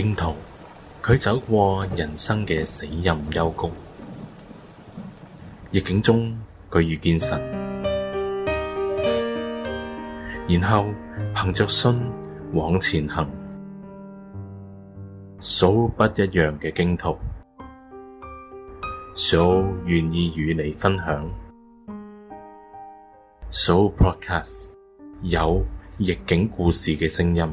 荊徒，佢走過人生嘅死蔭幽谷，逆境中佢遇見神，然後憑着信往前行，Sooo 不一樣嘅荊徒，Sooo 願意與你分享，SoooPodcast 有逆境故事嘅聲音。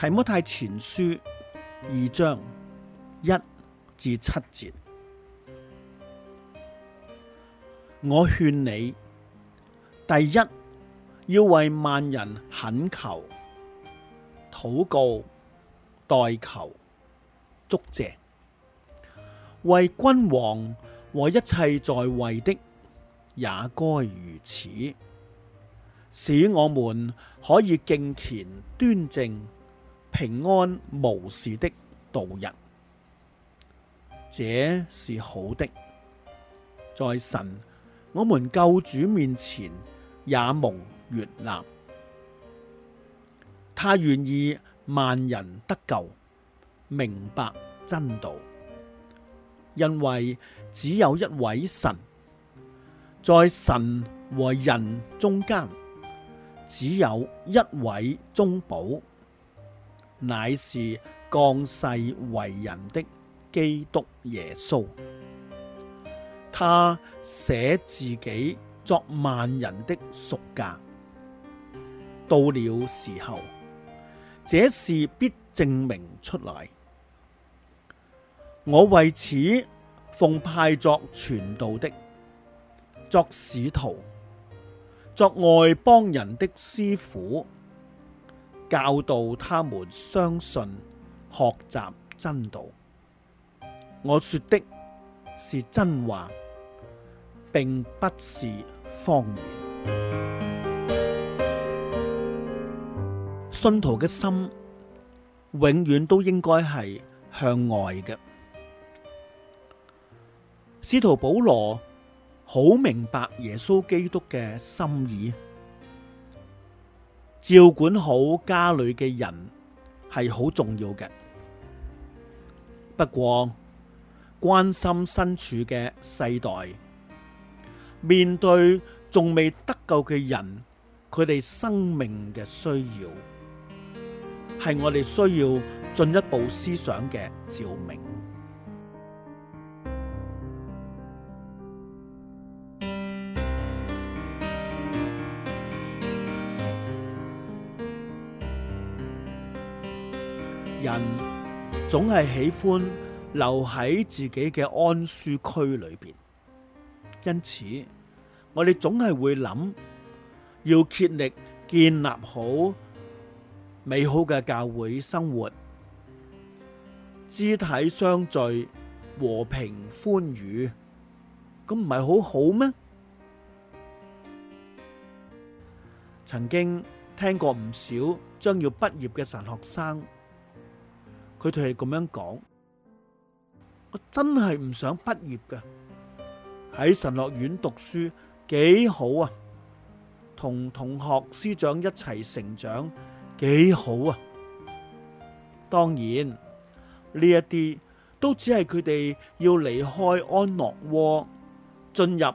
提摩太前書二章一至七節。我勸你，第一要為萬人懇求、禱告、代求、祝謝，為君王和一切在位的也該如此，使我們可以敬虔端正，平安無事的度日，這是好的。在神、我們救主面前也蒙悅納，他願意萬人得救，明白真道。因為只有一位神，在神和人中間，只有一位中保。乃是降世為人的基督耶穌，他捨自己作萬人的贖價。到了時候，這事必證明出來。我為此奉派作傳道的，作使徒，作外邦人的師傅。教導他們相信、學習真道。我說的是真話，並不是謊言。信徒嘅心永遠都應該係向外嘅。使徒保羅好明白耶穌基督嘅心意。照管好家裏嘅人係好重要嘅，不過關心身處嘅世代，面對仲未得救嘅人，佢哋生命嘅需要，係我哋需要進一步思想嘅召命。人總係喜歡留喺自己嘅安舒區裏邊，因此我哋總係會諗要竭力建立好美好嘅教會生活，肢體相聚，和平歡愉，咁唔係好好咩？曾經聽過唔少將要畢業嘅神學生。佢哋係咁樣講，我真係唔想畢業嘅。喺神學院讀書幾好啊，同同學師長一齊成長幾好啊。當然呢一啲都只係佢哋要離開安樂窩，進入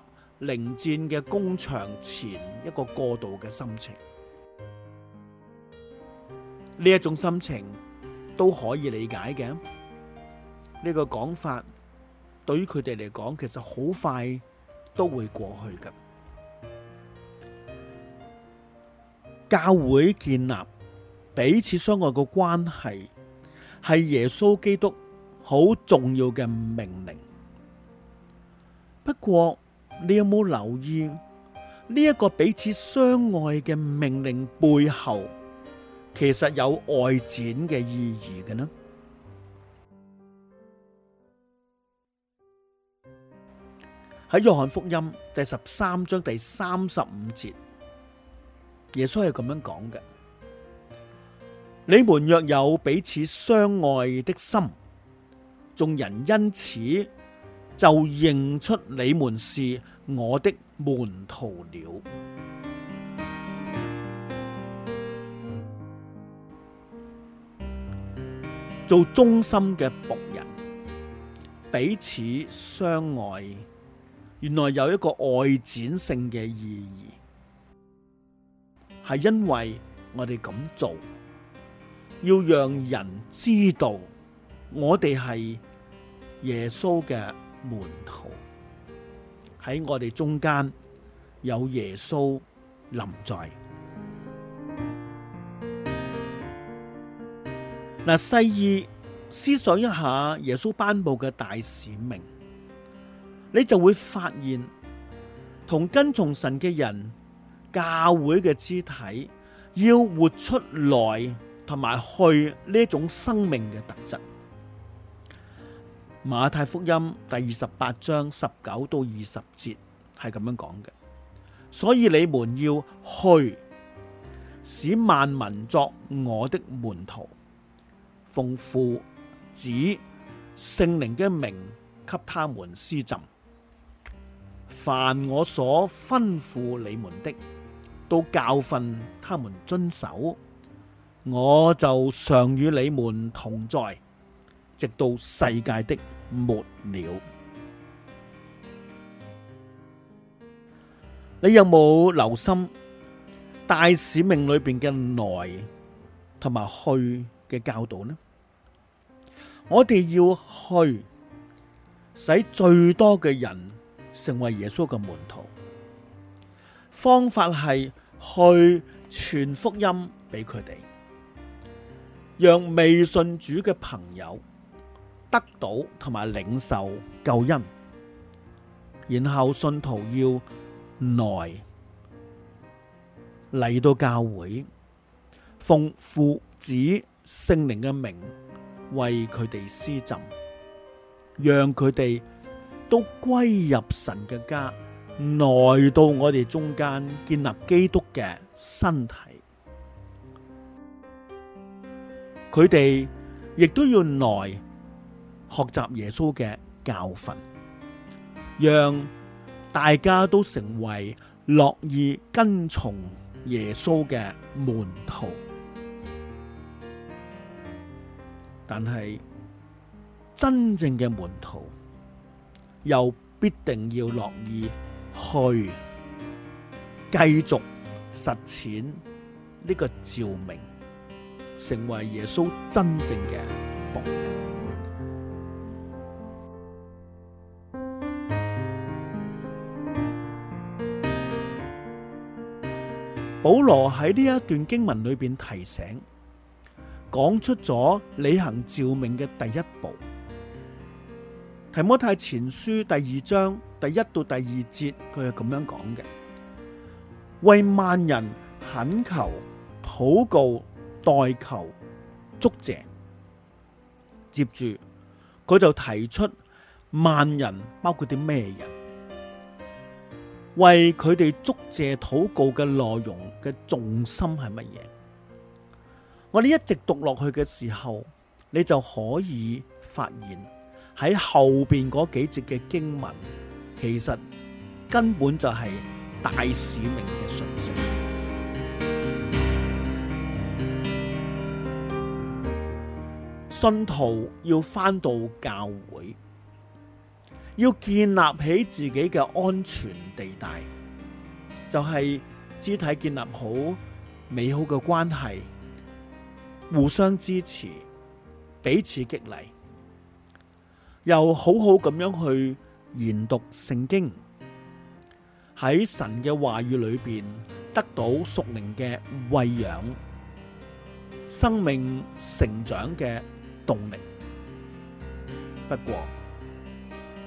靈戰嘅工場前一個過渡嘅心情。呢一種心情，都可以理解嘅，呢個講法對於佢哋嚟講，其實好快都會過去㗎。教會建立彼此相愛嘅關係，係耶穌基督好重要嘅命令。不過，你有冇留意呢一個彼此相愛嘅命令背後？其實有外展嘅意義嘅呢？喺約翰福音第十三章第三十五節，耶穌係咁樣講嘅：你們若有彼此相愛的心，眾人因此就認出你們是我的門徒了。做忠心嘅僕人，彼此相愛，原來有一個外展性嘅意義，係因為我哋咁做，要讓人知道我哋係耶穌嘅門徒，喺我哋中間有耶穌臨在。嗱，細意思想一下耶穌頒布嘅大使命，你就會發現同跟從神嘅人教會嘅肢體要活出來同埋去呢種生命嘅特質。馬太福音第二十八章十九到二十節係咁樣講嘅，所以你們要去，使萬民作我的門徒。奉父子聖靈嘅名，給他們施浸。凡我所吩咐你們的，都教訓他們遵守。我就常與你們同在，直到世界的末了。你有冇留心大使命裏邊嘅來同埋去嘅教導呢？我哋要去使最多嘅人成為耶穌嘅門徒，方法係去傳福音俾佢哋，讓未信主嘅朋友得到同埋領受救恩，然後信徒要耐嚟到教會奉父子聖靈嘅名。為佢哋施浸，讓佢哋都歸入神嘅家，來到我哋中間建立基督嘅身體。佢哋亦都要來學習耶穌嘅教訓，讓大家都成為樂意跟從耶穌嘅門徒。但係真正嘅門徒，又必定要樂意去繼續實踐呢個召命，成為耶穌真正嘅僕人。保羅喺呢一段經文裏邊提醒。講出咗履行召命嘅第一步。提摩太前書第二章第一到第二節，佢係咁樣講嘅：為萬人懇求、禱告、代求、祝謝。接住佢就提出萬人包括啲咩人，為佢哋祝謝禱告嘅內容嘅重心係乜嘢？我哋一直讀落去嘅時候，你就可以發現喺後邊嗰幾節嘅經文，其實根本就係大使命嘅信息。信徒要翻到教會，要建立起自己嘅安全地帶，就係、是、肢體建立好美好嘅關係。互相支持，彼此激勵，又好好咁樣去研讀聖經，喺神嘅話語裏邊得到屬靈嘅餵養，生命成長嘅動力。不過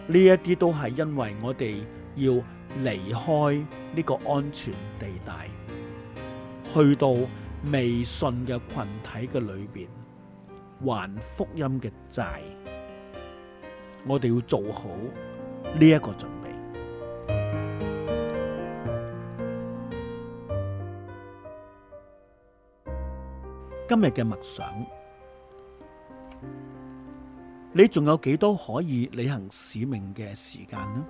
呢一啲都係因為我哋要離開呢個安全地帶，去到。未信嘅群體嘅裏邊還福音嘅債，我哋要做好呢一個準備。今日嘅默想，你仲有幾多可以履行使命嘅時間呢？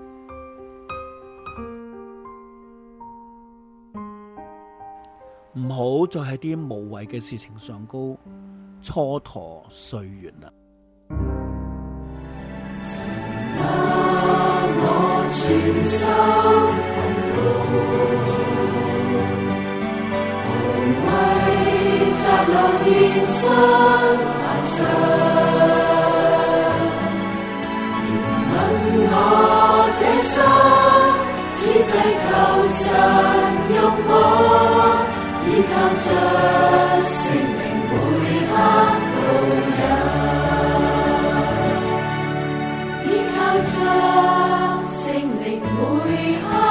好再喺啲無謂嘅事情上高蹉跎歲月啦。依靠着聖靈每刻都有人，依靠着聖靈每刻。